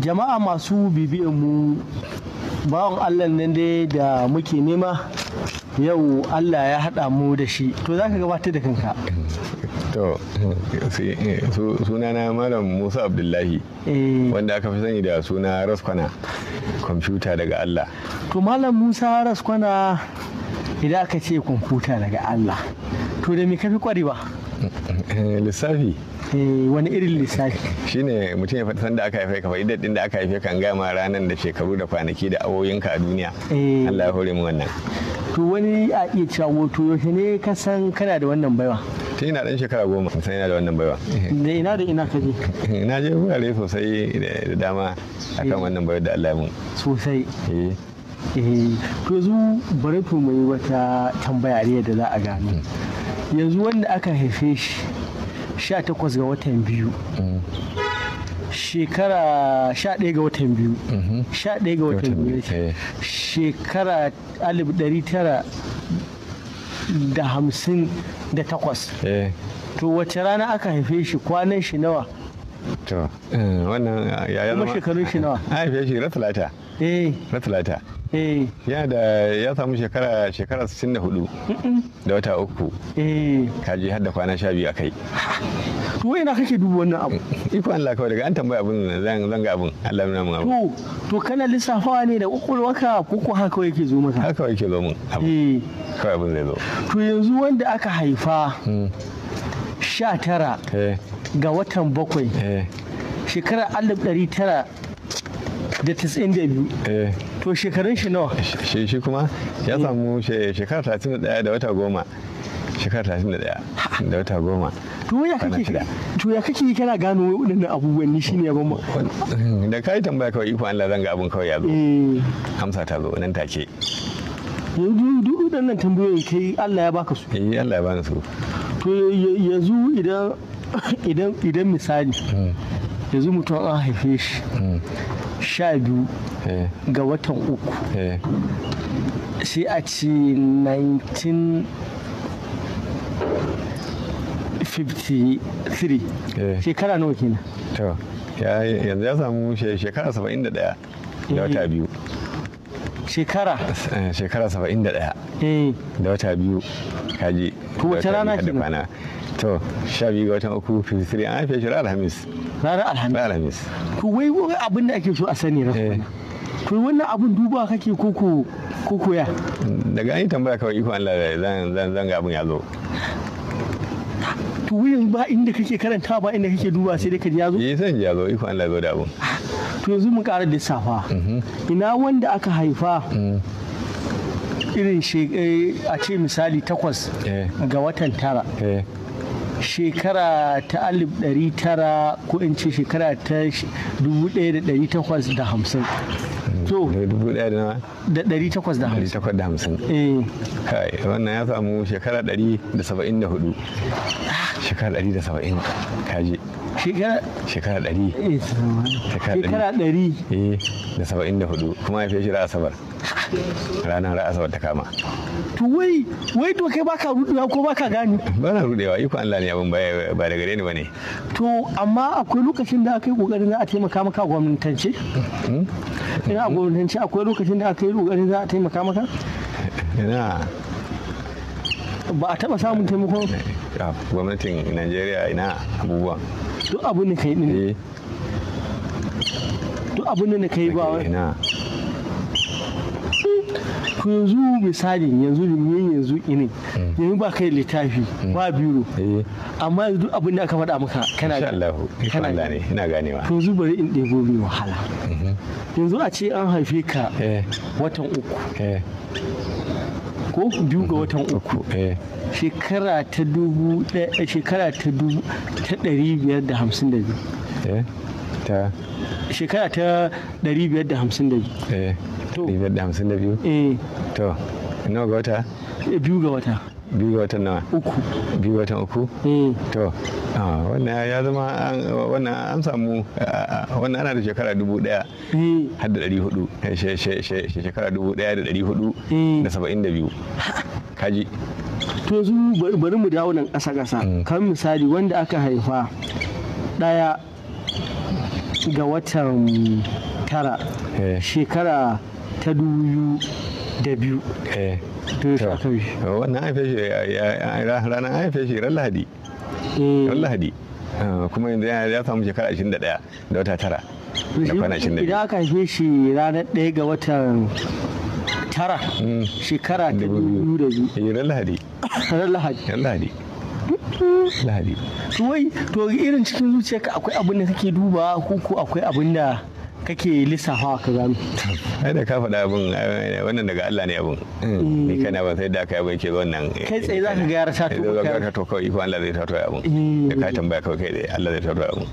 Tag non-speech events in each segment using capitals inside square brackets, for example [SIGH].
jama'a masu bibiyan mu bawon allah nan dai da muke nema yau allah ya haɗa mu da shi to za ka gabatar da kanka to sunana malam musa abdullahi eh. wanda aka fi sani da suna raskwana kwamfuta daga allah to malam musa raskwana idan aka ce kwamfuta daga allah to da me kafi kwarewa eh, lissafi Eh, wani irin lissafi shine mutum ya san da aka haife ka fa'idar din da aka haife kan gama ranar da shekaru da kwanaki da awoyinka a duniya eh. Allah ya hore mu wannan to wani a iya cewa wato yaushe ne ka san kana da wannan baiwa tun ina dan shekara goma san ina da wannan baiwa da ina da ina ka je [LAUGHS] na je wurare sosai da dama akan eh. wannan baiwa da Allah ya mun sosai to yanzu bari to mai wata tambaya da za a gano hmm. yanzu wanda aka haife shi 18 ga watan biyu mm. shekara 11 ga watan biyu 11 mm-hmm. ga watan biyu eh. shekara 1900 da hamsin da takwas eh. to wace rana aka haife shi kwanan shi nawa to eh, wannan ya zama kuma shekarun shi nawa [LAUGHS] haife shi na talata eh na talata Eh. yana da ya samu shekara shekara 64 da wata uku eh. kaji har da kwana sha biyu a kai to [LAUGHS] ina kake dubu wannan abu iko Allah kawai daga an tambaya abin zan zan ga abin Allah ya mun abu to kana lissafawa ne da ukulwaka ko ko haka yake zo maka haka yake zo mun abu eh. kawai abin zai zo to yanzu wanda aka haifa hmm. sha tara ga watan bakwai shekara alif ɗari tara da tasa'in da biyu to shekarun shi nawa shi shi kuma ya samu shekara talatin da da wata goma shekara talatin da da wata goma to ya kake to ya kana gano waɗannan abubuwan ni shine ban da kai tambaya kawai iko Allah zan ga abun kawai ya zo eh. amsa ta zo nan take yanzu duk waɗannan tambayoyin kai Allah ya baka su eh Allah ya bani su to yanzu idan idan idan misali hmm. yanzu mutum an haife shi hmm. sha biyu eh. ga watan uku eh. sai a ce 1953 eh. shekara nawa kenan yanzu ya samu shekara 71 da wata biyu shekara eh, shekara saba'in da ɗaya eh. da wata biyu kaji to rana ke kwana to sha biyu ga watan uku 53 an haife shi alhamis ranar alhamis to wai abin da ake so a sani rafi eh. to wannan abin dubuwa kake koko koko ya daga an yi tambaya kawai iko Allah zan zan zan ga abin ya zo to yanzu ba inda kake karanta ba inda kake duba sai dai ka ji yazo eh san yazo iko Allah zo da abu to yanzu mu ƙara safa. Mhm. ina wanda aka haifa mm. irin eh, a ce misali takwas eh. ga watan tara eh. shekara ta alif ɗari tara ko in ce shekara ta dubu ɗaya da ɗari takwas da hamsin dubu daya da nawa da ɗari takwas da hamsin ɗari takwas da hamsin eh. kai wannan ya samu shekara ɗari da saba'in da hudu ah. shekara ɗari da saba'in kaji Eh, shekara ɗari shekara ɗari eh. da saba'in da hudu kuma haife shi asabar ranar asabar ta kama to wai wai to kai baka rudewa ko baka gani ba na rudewa iko Allah ne abin ba da gare ni bane to amma akwai lokacin da aka yi kokarin za a taimaka maka gwamnatance hmm? ina gwamnatance akwai lokacin da aka yi kokarin za a taimaka maka ina ba a taba samun taimako? gwamnatin Najeriya ina abubuwan duk abin da kai din eh. duk abin da kai ba to yanzu misalin yanzu limin yanzu ini hmm. yanzu ba kai littafi hmm. ba biro eh. amma yanzu duk abin da aka faɗa maka kana Allah kana ne ina ganewa to yanzu bari in ɗebo mai wahala mhm. yanzu a ce an haife ka eh. watan uku ko biyu ga watan uku shekara ta dubu shekara ta dubu ta ɗari biyar da hamsin da biyu eh, ta shekara ta ɗari biyar da hamsin da biyu eh ɗari biyar da hamsin da biyu eh to nawa ga wata eh, biyu ga wata biyu ga watan nawa uku biyu ga watan uku eh. to wannan ya zama wannan an samu wannan ana da shekara dubu ɗaya har da ɗari hudu shekara dubu ɗaya da ɗari hudu da saba'in da biyu kaji to yanzu bari mu dawo nan ƙasa ƙasa mm. kan misali wanda aka haifa ɗaya ga watan tara eh. shekara ta dubu da biyu wannan eh. haife shi ranar haife shi ran lahadi eh. ran lahadi ah, kuma yanzu ya samu shekara 21 da wata tara da kwana 22 idan aka haife shi ranar ɗaya ga watan tara mm. shekara ta dubu da biyu ran lahadi ran lahadi lahadi lahadi to wai to irin cikin ka akwai abin da kake duba ko ko akwai abin da kake lissafa ka gano ai da ka faɗa abin wannan daga Allah ne abin mm. ni kana ba sai da kai abin ke wannan kai tsaye zaka ga ya rasa to kai zaka ga ta to kai ko Allah zai ta abin mm. da ka tambaya kai kai Allah zai ta abin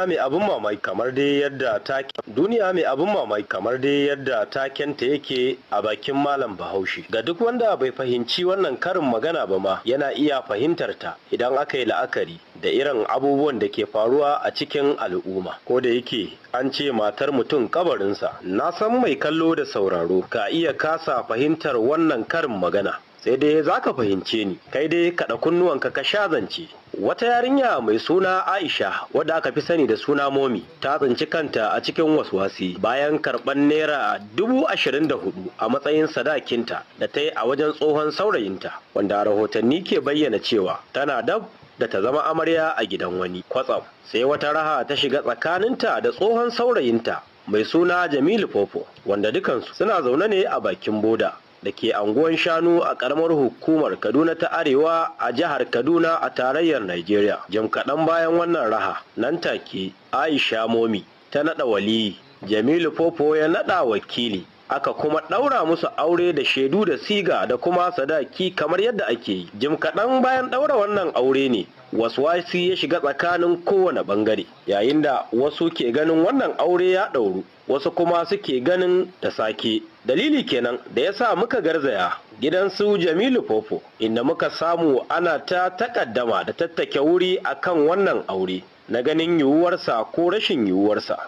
duniya mai abin mamaki kamar dai yadda taken duniya mai abin mamaki kamar dai yadda taken ta yake a bakin malam bahaushe ga duk wanda bai fahimci wannan karin magana ba ma yana iya fahimtar ta idan aka yi la'akari da irin abubuwan da ke faruwa a cikin al'umma ko da yake an ce matar mutum kabarinsa na san mai kallo da sauraro ka iya kasa fahimtar wannan karin magana sai dai za ka fahimce ni kai dai kaɗa kunnuwanka ka sha zance wata yarinya mai suna aisha wadda aka fi sani da suna momi ta tsinci kanta a cikin waswasi bayan karɓan naira dubu ashirin da hudu a matsayin sadakinta da ta yi a wajen tsohon saurayinta wanda rahotanni ke bayyana cewa tana dab da ta zama amarya a gidan wani kwatsam sai wata raha ta shiga tsakaninta da tsohon saurayinta mai suna jamilu popo wanda dukansu suna zaune ne a bakin boda da ke anguwan shanu a karamar hukumar Kaduna ta Arewa a jihar Kaduna a tarayyar Najeriya. Jam kaɗan bayan wannan raha nan take Aisha Momi ta naɗa wali, Jamilu Popo ya naɗa wakili aka kuma ɗaura musu aure da shaidu da siga da kuma sadaki kamar yadda ake yi jim kaɗan bayan ɗaura wannan aure ne wasu waswasi ya shiga tsakanin kowane bangare yayin da wasu ke ganin wannan aure ya ɗauru wasu kuma suke ganin da sake dalili kenan da ya sa muka garzaya gidan su jamilu fofo inda muka samu ana ta takaddama da tattake wuri akan wannan aure na ganin yiwuwarsa ko rashin yiwuwarsa.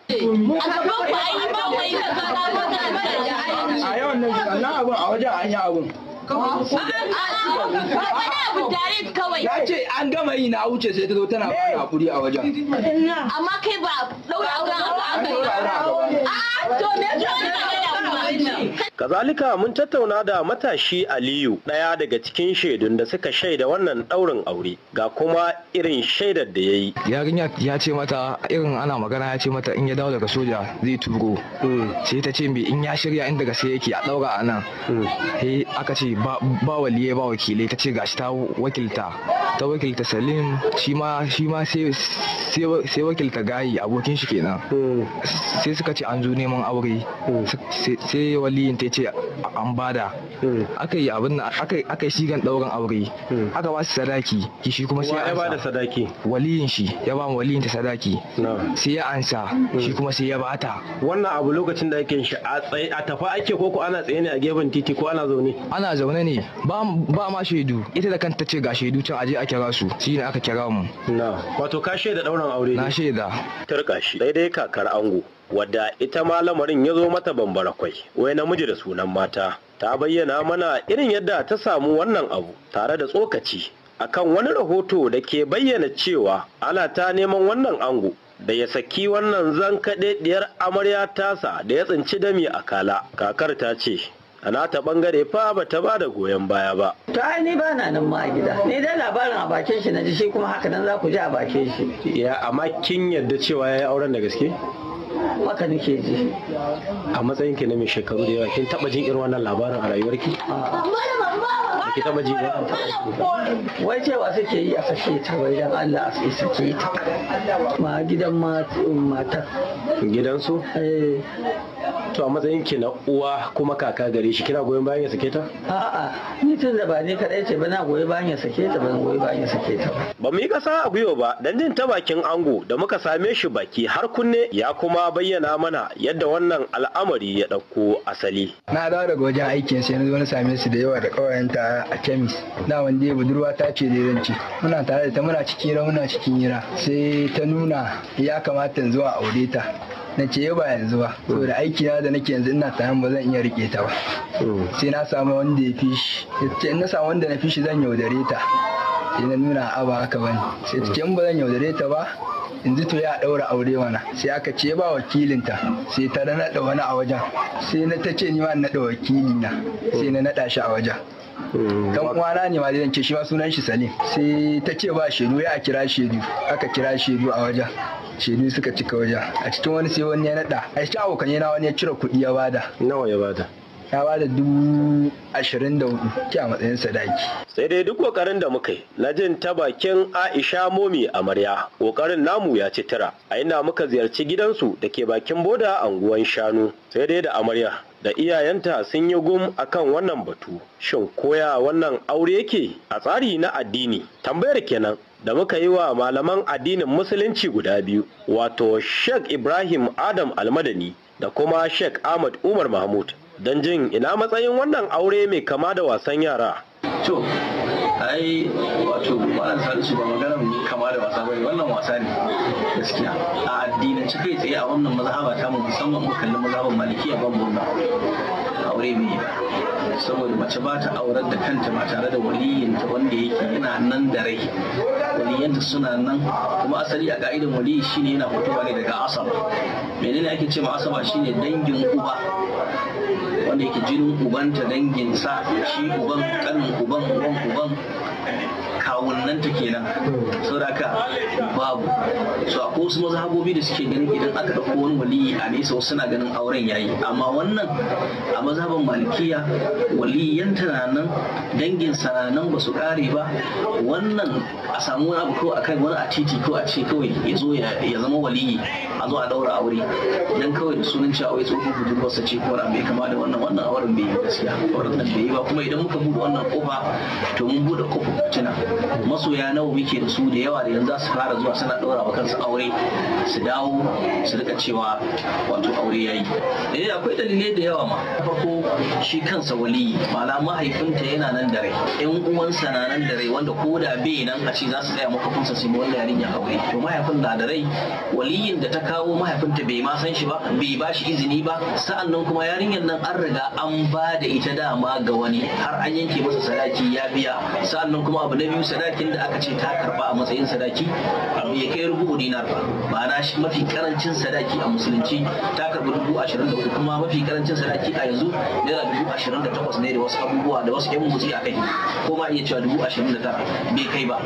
yi na wuce sai ta zo tana fara Kazalika mun tattauna da matashi Aliyu ɗaya daga cikin shaidun da suka shaida wannan ɗaurin aure ga kuma irin shaidar da ya yi. Yarinya ya ce mata irin ana magana ya ce mata in ya dawo daga soja zai turo. Hmm. Sai ta ce mai in ya shirya inda sai yake a ɗaura a nan. Hmm. Sai aka ce ba waliye ba wakilai ta ce gashi ta wakilta. ta wakilta salim shi ma sai wakilta gayi abokin shi kenan sai suka ce an zo neman aure sai waliyin ta ce an bada aka yi abin aka yi shigan daurin aure aka ba su sadaki shi kuma sai ya bada sadaki waliyin shi ya ba waliyin ta sadaki sai ya ansa shi kuma sai ya bata wannan abu lokacin da ake shi a tafa ake koko ana tsaye ne a gefen titi ko ana zaune ana zaune ne ba ma shaidu ita da kanta ce ga shaidu can aje a kira su shi aka kira mu na wato ka shaida dauran aure na shaida tarka shi daidai kakar ango wadda ita ma lamarin ya zo mata bambara kwai wai namiji da sunan mata ta bayyana mana irin yadda ta samu wannan abu tare da tsokaci akan wani rahoto da ke bayyana cewa ana ta neman wannan ango da ya saki wannan zan kaɗe diyar amarya tasa da ya tsinci dami a kala kakar ta ce a nata bangare fa ba ta ba da goyon baya ba. To ai ni ba na nan ma a gida. Ni dai labarin a bakin shi na ji shi kuma haka nan za ku ji a bakin shi. Ya amma kin yadda cewa ya yi auren da gaske? Haka nake ji. A matsayin ki na mai shekaru da yawa kin taba jin irin wannan labarin a rayuwarki? Ki taba ji ba? Wai cewa suke yi a sake ta wai dan Allah a sake ta. Ma gidan um, matar. Gidan su? Eh. to a matsayin ki na uwa kuma kaka gare shi kina goyon bayan ya sake ta a'a ni tun da ba ni kadai ce ba na goyon bayan ya sake ta ban goyon bayan ya sake ta ba mu yi kasa a gwiwa ba dan jin ta bakin ango da muka same shi baki har kunne ya kuma bayyana mana yadda wannan al'amari ya dauko asali na dawo daga wajen aikin sai na zo na same su da yawa da kawayenta a kemis da wanda ya budurwa ta ce da yanci muna tare da ta muna cikin hira muna cikin hira sai ta nuna ya kamata zuwa aure ta na ce yau ba yanzu ba saboda aiki na da nake yanzu ina tsayan ba zan iya rike ta ba mm. sai na samu wanda ya fishi shi na samu wanda na fi shi zan yaudare ta sai na nuna haka ba ne sai ta ce ba zan yaudare ta ba yanzu to ya daura aure mana sai aka ce ba wakilinta sai ta naɗa wani a wajen sai na ta ce ni ma naɗa wakili na sai na naɗa shi a wajen Kan mm. uwana ne ma zan ce shi ma sunan shi Salim sai ta ce ba shedu ya kira shedu aka kira shedu a wajen shaidu suka cika waje. a cikin wani sai wani ya naɗa a cikin abokan yana wani ya cire kuɗi ya bada nawa ya bada ya bada dubu ashirin da hudu ke a matsayin sadaki. sai dai duk kokarin da muka yi na jin ta bakin aisha momi amarya kokarin namu ya ci tira a ina muka ziyarci gidansu da ke bakin boda anguwan shanu sai dai da amarya da iyayenta sun yi gum akan wannan batu shin koya wannan aure yake a tsari na addini tambayar kenan da muka yi wa malaman addinin musulunci guda biyu wato sheikh ibrahim adam almadani da kuma sheikh ahmad umar mahmud don jin ina matsayin wannan aure mai kama da wasan yara kama da wasa bane wannan wasa ne gaskiya a addinin ci kai tsaye a wannan mazhaba ta mu musamman mu kalli mazhaban malikiya ban burna aure bai saboda mace ba ta aurar da kanta ba tare da waliyinta wanda yake yana nan da rai waliyanta suna nan kuma asali a ka'idan waliyi shine yana fito ne daga asaba menene ake ce ma asaba shine dangin uba wanda yake jinin ubanta danginsa shi uban kanin uban uban uban ma'ananta kenan saboda babu su a wasu mazhabobi da suke ganin idan aka ɗauko wani waliyi a nesa wasu suna ganin auren yayi amma wannan a mazhaban malikiya waliyan na nan dangin na nan ba su ƙare ba wannan a samu wani abu ko a kai wani a titi ko a ce kawai ya zo ya zama waliyi a zo a ɗaura aure dan kawai da sunan cewa wai tsohon budurwarsa ce ko bai kama da wannan wannan auren bai yi gaskiya auren nan bai yi ba kuma idan muka buɗe wannan kofa to mun buɗe kofa fitina masoya nawa muke da su da yawa da yanzu za su fara zuwa suna ɗora wa kansu aure su dawo su rika cewa wato aure ya yi eh, akwai dalilai da yawa ma farko shi kansa waliyi ma'ana mahaifinta yana nan da rai yan uwansa na nan da rai wanda ko da bai nan a ce za su tsaya maka kunsa su wanda ya aure to mahaifin na da rai waliyin da ta kawo mahaifinta bai ma san shi ba bai ba shi izini ba sa'an nan kuma yarinyar nan an riga an ba da ita dama ga wani har an yanke masa sadaki ya biya sa'an nan kuma abu na biyu sadakin da aka ce ta karba a matsayin sadaki abu ya kai rubu dinar ba na shi mafi karancin sadaki a musulunci ta karba dubu ashirin da kuma mafi karancin sadaki a yanzu naira dubu ashirin da takwas ne da wasu abubuwa da wasu yan motsi a kai ko ma iya cewa dubu ashirin da tara bai kai ba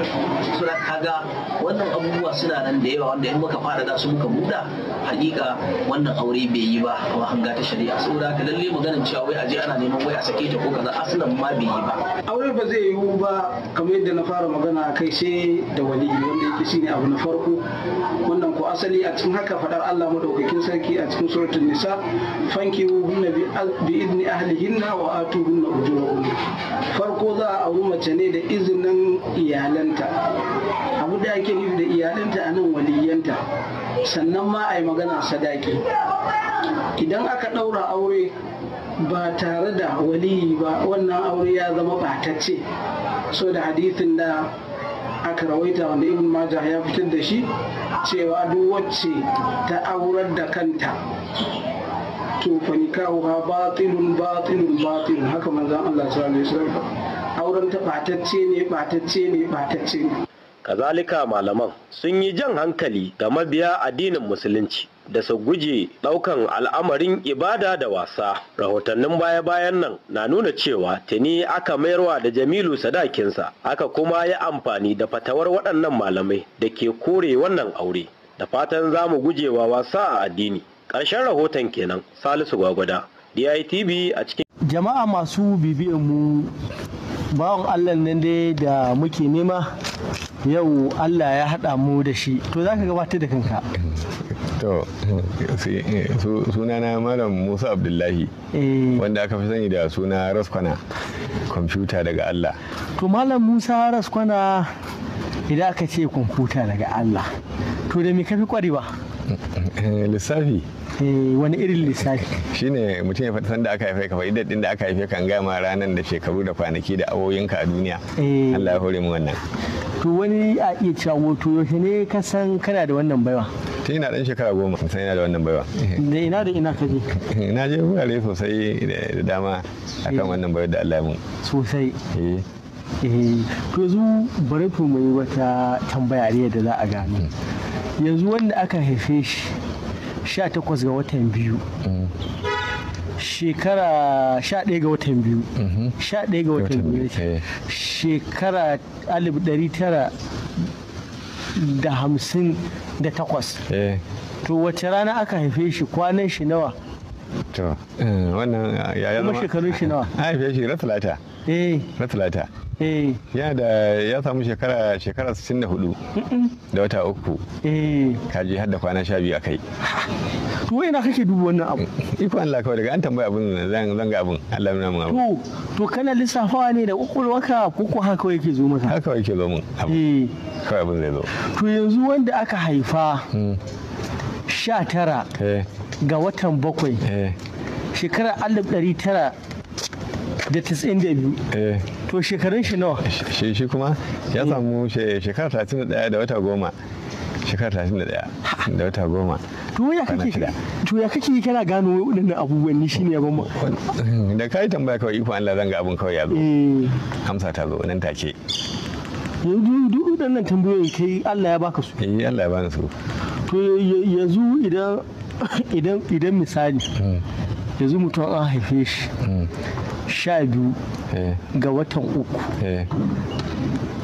Su da kaga wannan abubuwa suna nan da yawa wanda in muka fara da su muka buɗa hakika wannan aure bai yi ba a hanga ta shari'a saboda haka lalle maganin cewa wai aje ana neman wai a sake ta ko kaza asalan ma bai yi ba aure ba zai yiwu ba kamar yadda na fara magana magana kai sai da wali wanda yake shine abu na farko wannan ko asali a cikin haka fadar Allah madaukakin sarki a cikin suratul nisa fanki hunna bi idni ahlihinna wa hunna ujurahunna farko za a auri mace ne da izinin iyalanta abu da ake nufi da iyalanta anan nan waliyanta sannan ma a yi maganar sadaki idan aka ɗaura aure ba tare da waliyi ba wannan aure ya zama ɓatacce so da hadithin da aka rawaita wanda ibn majah ya fitar da shi cewa duk wacce ta aurar da kanta to fa nikahuha batilun batilun batilun haka manzon Allah sallallahu alaihi wasallam auren ta batacce ne batacce ne batacce ne kazalika malaman sun yi jan hankali ga mabiya addinin musulunci da su guje ɗaukan al'amarin ibada da wasa rahotannin baya-bayan nan na nuna cewa tuni aka mayarwa da jamilu sadakinsa aka kuma ya amfani da fatawar waɗannan malamai da ke kore wannan aure da fatan za mu guje wa wasa a addini ƙarshen rahoton kenan salisu gwagwada DITB a cikin jama'a masu bibiyan mu bawan allah nan dai da muke nema yau Allah ya haɗa mu da shi to za ka gabatar da kanka to sunana malam musa abdullahi eh. wanda aka fi sani da suna raskwana kwamfuta daga Allah to malam musa raskwana idan aka ce kwamfuta daga Allah to da me kafi kwarewa Eh, lissafi eh, wani irin lissafi shine mutum ya fata sanda aka haife ka fa'idar din da aka haife kan gama ranar da shekaru da kwanaki da awoyinka a duniya eh. Allah ya hore mu wannan to wani a iya cewa wato yaushe ne ka san kana da wannan baiwa tun ina dan shekara goma san ina da wannan baiwa da ina da ina kaje na je wurare sosai da dama akan wannan baiwa da Allah ya mun sosai eh to yanzu bari mai wata tambaya da za a gano yanzu wanda aka haife shi 18 ga watan biyu shekara 11 ga watan biyu 11 ga watan biyu eh. shekara 1900 da hamsin da takwas eh. to wace rana aka haife shi kwanan shi nawa to eh, wannan ya zama kuma shekarun shi nawa [LAUGHS] haife shi na talata eh na talata Eh. yana da ya samu shekara shekara 64 da wata uku eh. kaji har da kwana sha biyu a kai to ina kake dubu wannan abu iko Allah kawai daga an tambaya abin zan zan ga abin Allah ya mu. abu to kana lissafawa ne da kokolwaka ko ko haka kawai yake zo maka haka kawai yake zo mun abu eh. kawai abin zai zo to yanzu wanda aka haifa hmm. sha tara ga watan bakwai shekarar alif ɗari tara da tasirin da biyu to shekarun shi nawa shi shi kuma ya samu shekara 31 da wata goma shekara 31 da wata goma to ya kake yi ya kana gano waɗannan abubuwan ni shine ban da ka yi tambaya kawai iko Allah zan ga kawai ya zo eh. amsa ta zo nan take yanzu duk waɗannan tambayoyi kai Allah ya baka su eh Allah ya bani su to yanzu idan idan idan misali hmm. yanzu mutum an haife shi hmm. sha biyu eh. ga watan uku eh.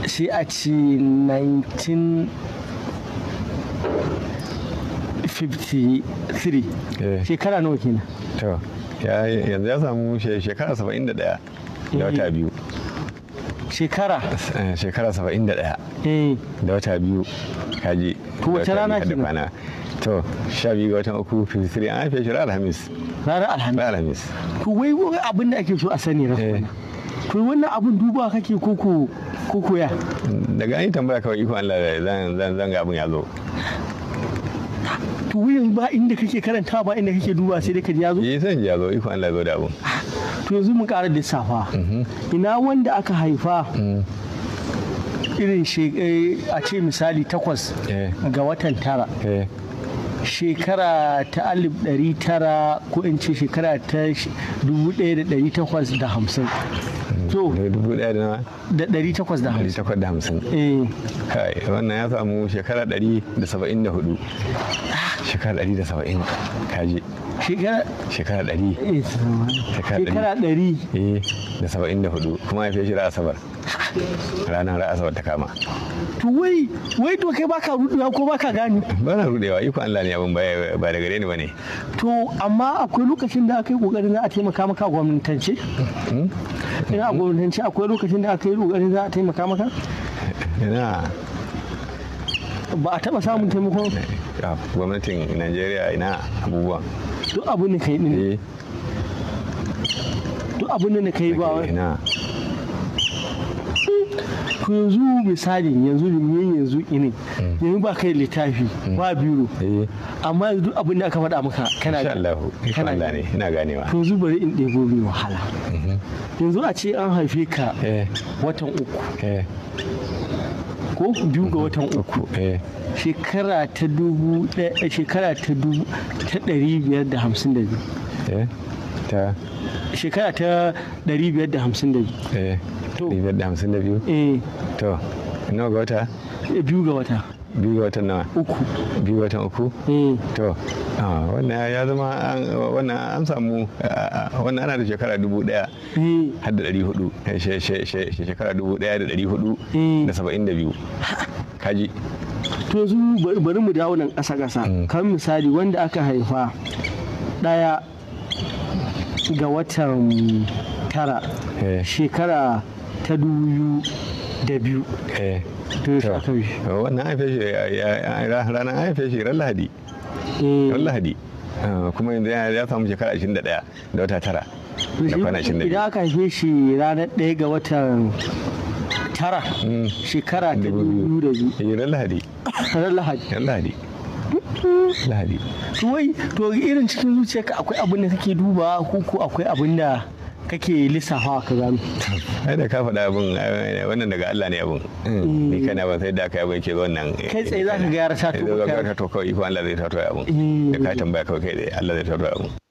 sai a ce 1953 eh. shekara nawa kenan yanzu ya samu shekara 71 da wata biyu shekara shekara 71 da wata biyu kaji to wace rana kenan to sha biyu ga watan uku 53 an haife shi ranar alhamis ranar alhamis to wai wai abin da ake so a sani ra eh. to wannan abin duba kake koko koko ya daga an yi tambaya kawai iko Allah zan zan zan ga abin ya zo to wuyan ba inda kake karanta ba inda kake duba sai dai ka ya zo eh san ya zo iko Allah zo da abin to yanzu mun ƙara safa mm-hmm. ina wanda aka haifa mm. irin eh, a ce misali takwas eh. ga watan tara shekara ta alif ɗari tara ko in ce shekara ta dubu ɗaya da ɗari takwas da hamsin daga dubu ɗaya da nawa da ɗari takwas da hamsin ɗari takwas da hamsin eh. kai wannan ya samu shekara ɗari da saba'in da hudu ah. shekara ɗari da saba'in kaji shekara eh, ɗari shekara ɗari eh, da saba'in da hudu kuma ya fi shi asabar ranar asabar ta kama to wai wai to kai baka rudewa ko baka gani ba na rudewa iko Allah ne abin ba da gare ni bane to amma akwai lokacin da aka yi kokarin za a taimaka maka gwamnatance hmm? ina gwamnatanci akwai lokacin da aka yi ƙoƙarin za a taimaka maka? ina ba a taɓa samun taimakon gwamnatin najeriya ina abubuwa duk abin da ka yi eh. duk abin da ka yi ba to yanzu misalin yanzu ne yanzu ini mm. yanzu ba kai littafi mm. ba biro eh. amma yanzu duk abin da aka faɗa maka kana da Allahu kana da ne ina ganewa to yanzu bari in ɗebo mai wahala mm-hmm. yanzu a ce an haife ka eh. watan uku eh. ko biyu ga mm-hmm. watan uku shekara ta dubu shekara ta dubu ta ɗari biyar da hamsin da biyu ta shekara ta 552 eh, eh to nawa ga wata eh, biyu ga wata biyu ga watan nawa uku biyu ga watan uku eh. to wannan ya zama wannan an samu wannan ana da shekara dubu daya har da dari hudu shekara dubu daya da dari hudu da saba'in da biyu kaji to yanzu bari mu dawo nan kasa kasa mm. kan misali wanda aka haifa daya ga watan tara eh. shekara ta dubu da biyu wannan eh. haife shi oh, eh, ranar haife shi ran lahadi ran lahadi ah, kuma yanzu ya samu shekara 21 da wata tara da kwana 22 idan aka haife shi ranar ɗaya ga watan tara mm. shekara ta dubu da biyu ran lahadi ran lahadi Ladi. To wai to irin cikin zuciyarka akwai abin da kake duba ko ko akwai abin da kake lissafa ka gano. Ai da ka faɗa abin eh, wannan daga Allah ne abin. Mm. Ni kana ba sai da kai abin ke wannan. Kai tsaye za ga ya rasa to. Zaka ga to kai iko Allah zai tato abin. Mm. Da ka tambaya kawai kai Allah zai tato abin.